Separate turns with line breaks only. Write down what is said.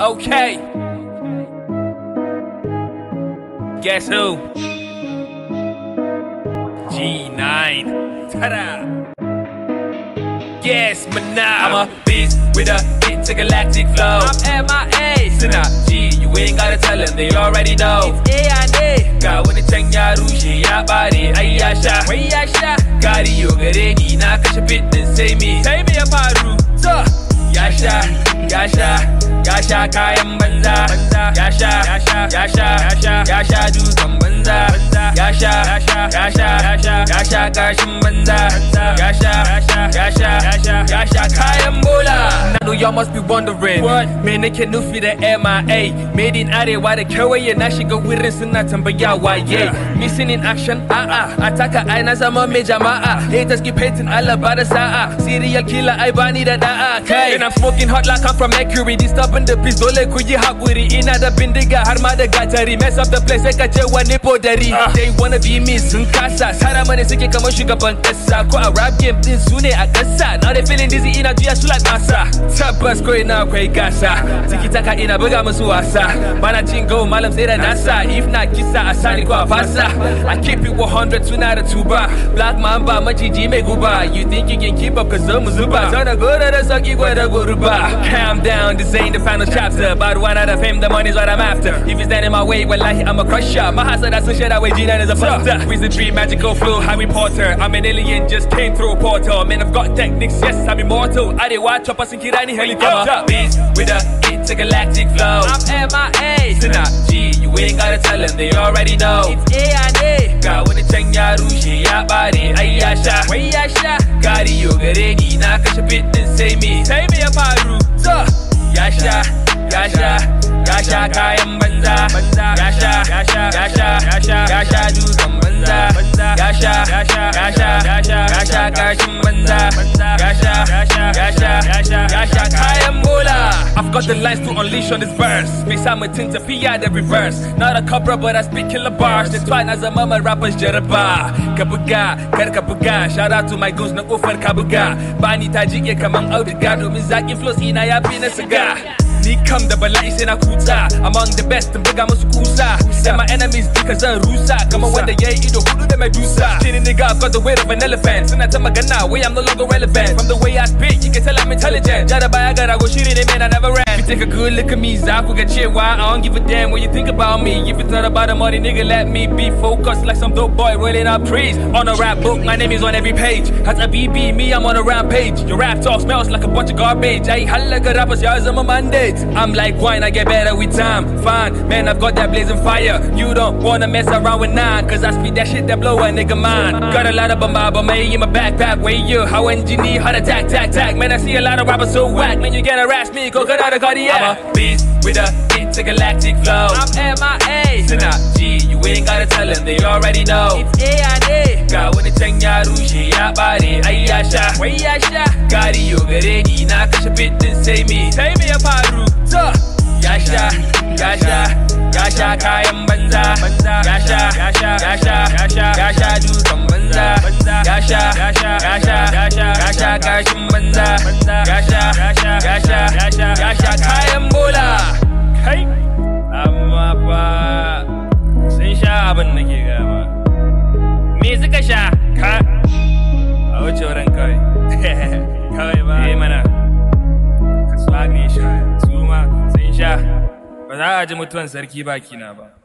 Okay. Guess who? G9. Ta-da! Yes, Manama. I'm a beast with a intergalactic flow. I'm at my A. Sinner, G, you ain't gotta tell them, they already know. It's A&A. Ga wani can ya rushe ya bare, ai ya sha. Wai ya sha. Kariyo gare ni na kashe fit din sai me. Sai me ya faru?
So, yasha. sha. ya sha ya sha kayan banza ya sha ya sha ya sha dukan banza ya sha ya sha ya sha kashin banza ya sha ya sha ya sha
kayan bola know y'all must be wondering. What? Man, they can not nufi that MIA. Made in Ade, why the kawaii, and I should go with this nothing but yeah, why, yeah. Missing in action, ah ah. Attacker, I nas, I'm a major, ma'a. Uh-uh. Haters keep hating, all about the sa'a. Serial killer, I bani da da'a. Okay. And I'm smoking hot like I'm from Mercury. Disturbing the peace, dole kuyi hakuri. Inada bindiga, harma da gatari. Mess up the place, eka ce wani bodari. Uh. They wanna be me, sun kasa. Sara mane suke kamar shugaban kasa. Ko a rap game din su ne a Now they feeling dizzy, ina juya su like massa tabbas ko ina akwai gasa tiki taka ina buga musu wasa bana cin go malam sai da nasa if na kisa a sani ko a fasa I keep it 100 suna da tuba black man ba maciji mai guba you think you can keep up cause mu zuba zauna gora da sauki ko da gurba calm down this ain't the final chapter but one out of fame the money's what I'm after if it's in my way wallahi I'm i a crusher mahasada sun shada wai jina is a fluster wizardry magical flow Harry Potter I'm an alien just came through a portal man I've got techniques yes I'm immortal I did watch up us and kira tiny helicopter. Bitch with a intergalactic flow. I'm at my age. Sina, G, you ain't gotta tell them, they already know. It's A and wani can ya rushe ya bare, ai ya sha. Wai ya sha. Gari yo gare ni na kashe bit din sai
me. Sai me ya faru? So, ya sha, ya sha, ya banza. banza.
lines to unleash on this verse. Face I'm a tint of PI reverse. Not a cobra, but I speak killer bars. That's why as a mama rappers jeraba. Kabuga, ker kabuga. Shout out to my goons, no kofar kabuga. Bani taji ya kamang the Domin zakin flows ina ya bi na siga. ni kam da bala'i sai na among the best I'm a kusa sai my enemies because zan rusa kamar wanda yayi ido hudu da medusa tini nigga I've got the weight of an elephant suna ta way I'm no longer relevant from the way I speak you can tell I'm intelligent Jada bayagara, ga rago shiri ne man I never ran take a good look at me. Zafu got shit, why? I don't give a damn what you think about me. If it's not about the money, nigga, let me be focused like some dope boy rolling up trees. On a rap book, my name is on every page. Has a BB, me, I'm on a rampage. Your rap talk smells like a bunch of garbage. Hey, hella good rappers, y'all's on my mandate. I'm like wine, I get better with time. Fine, man, I've got that blazing fire. You don't wanna mess around with nine, cause I speed that shit that blow a nigga mind. Got a lot of bomba, but in my backpack. Where you, how engineer, how to tack, tack, tack. Man, I see a lot of rappers so whack. Man, you gotta rash me, go got out a car. Buddy, yeah. I'm a beast with a intergalactic flow. I'm MIA. my A. you ain't gotta tell them, they already know. It's A and A. Ga wani can ya rushe ya bare, ai ya sha. Wai ya sha. Gari yo gare ni
na kashe fitin sai me. Sai me ya faru? To. Ya sha, ya sha, ya sha kayan banza. Ya sha, Gasha, gasha, gasha. sha, ya sha, banza. Ya sha, ya sha, ya sha, ya banza. Ya sha, ya sha, kawai ba eh mana kasuwa ne sha su ma sun sha ba za a ji mutuwan sarki bakina ba